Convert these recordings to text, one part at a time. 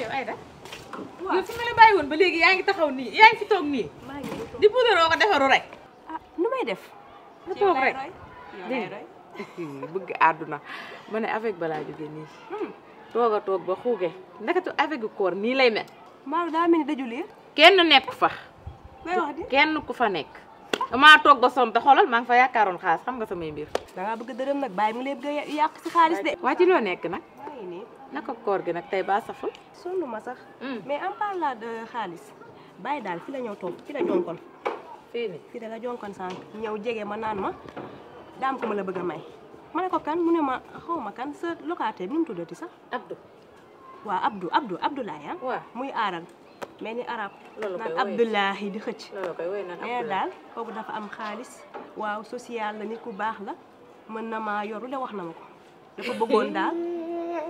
yow Aïda. waaw yow fi nga la bàyyi woon ba léegi yaa ngi taxaw nii yaa ngi fi toog nii. di puudaroo ko defaru rek. ah nu may def. nga toog bëgg àdduna ma ne avec balaa jóge nii. Hmm. toog a toog ba xuuge ndakatu avec koor nii lay mel. Maodo daa mel ni daju kenn nekk fa. kenn ku fa nekk. maa toog ba sonn te xoolal maa ngi fa yaakaaroon xaalis xam nga samay mbir. da ngaa bëgg dërëm nag bàyyi mu ngi lay a yàq si xaalis de. waa ci loo nekk nag. na naka koor gi nag tey baa saful. sonn ma sax. Mm. mais am parlant de xaalis bàyyi daal fi la ñëw toog fi la jonkon. fii nii fi la jonkon sànq ñëw jege ma naan ma daam ko ma la bëgg a may. ma ne ko kan mu ne ma xaw ma kan sa locataire bi nu mu tuddati sax. Abdou. waaw abdu Abdou Abdoulaye ah. waaw muy aaral mel ni arab. loolu koy naan Abdoulaye di xëcc. loolu koy wéy naan daal kooku dafa am xaalis. waaw social la nit ku baax la mën na ma yoru de wax na ma ko dafa bëggoon daal.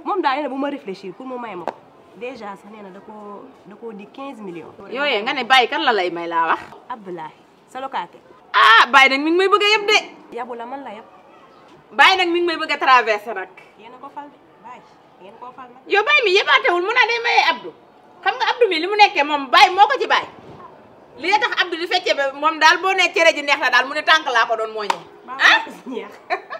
moom daa nee bu ma réfléchir pour mu may ma ko déjà sax nee na da koo da koo di 15 millions. yooy nga ne bàyyi kan la lay may laa wax. Abdoulaye sa locataire. ah bàyyi nag mi ngi may bëgg a yeb de. yabu la man la yeb. bàyyi nag mi ngi may bëgg a traversé nag. yéen a ko fal de bàyyi yéen koo fal nag. yow bàyyi mi xam nga Abdou mi li mu nekkee moom baay moo ko ci bàyyi li tax Abdou di fekkee be moom daal boo nee cere ji neex na daal mu ne tànk laa ko doon mooñee ah.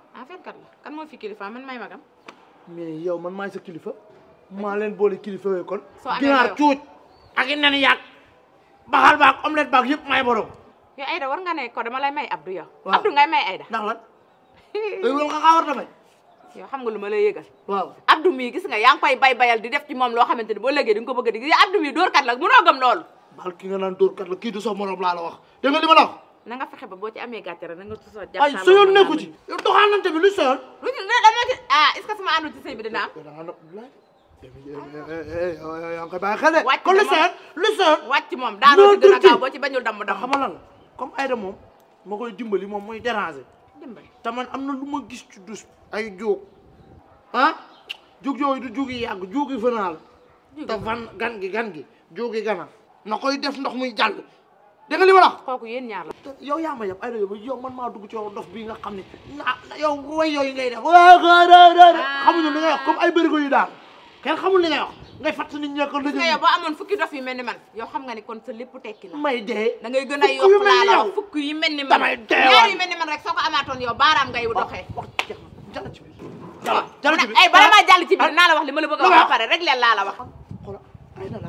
ah la kan, kan moo fi kilifa man may magam kan? mais yow man maay sa kilifa maa leen boole kilifa yooyu kon ginaar cuuc ak i nen yàq baxal baak omelette baak yëpp may borom yow Aïda war nga ne ko dama lay may Abdou yow Abdou ngay may Aïda ndax lan loolu nga xaa war damay yow xam nga lu ma lay yëgal waaw Abdou mii gis nga yaa ngi bay bayal di def ci moom loo xamante ni boo di nga ko bëgg di gis Abdou mii dóorkat la mënoo gëm loolu bal ki nga la du morom la wax nga li ma la wax na nga fexe ba boo ci amee gàcce rek na nga tusoo ay sa yoon nekku ci yow doxaanante bi luy soyoon lu ñu ne dama gis ah est ce que sama àndu ci sëy bi dina am da nga nopp lay yaa ngi koy bàyyi xel de kon lu soyoon lu soyoon wàcc moom daanoo ci gën a gaaw boo ci bañul damm damm xamal lan comme Aïda moom lu ma gis ci dus ay ah jóg yooyu itu jógi yàgg jógi final. te van gan gi gan gi jógi gana na koy def ndox muy jàll dégg nga li ma la wax kooku yéen ñaar la yow yaa ma yab ay yow yow man maa dugg ci yow dof bi nga xam ne yow way yooyu ngay def ah. xamuñu li ngay wax comme ay bërigo yu daal kenn xamul li ngay wax ngay fàtt nit ñi ko lëjë nga yow boo amoon fukki dof yu mel ni man yow xam nga ni kon sa lépp tekki na may dee da ngay gën a yokk laa la wax fukki yu mel ni man damay dee ñaar yu mel ni man rek soo ko amaatoon yow baaraam ngay doxee wax jàll ci biir jàll ci biir ay bala maa jàll ci biir ah. naa la wax li ma la bëgg a wax pare rek leen laa la wax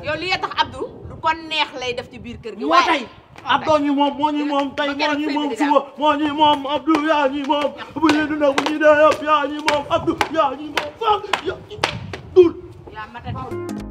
yow li tax Abdou lu kon neex lay def ci biir kër gi waaye Abdou ni moom moo one moom tey moo ñi moom suba moo ni moom Abdou yaa ni moom bu Abdou ya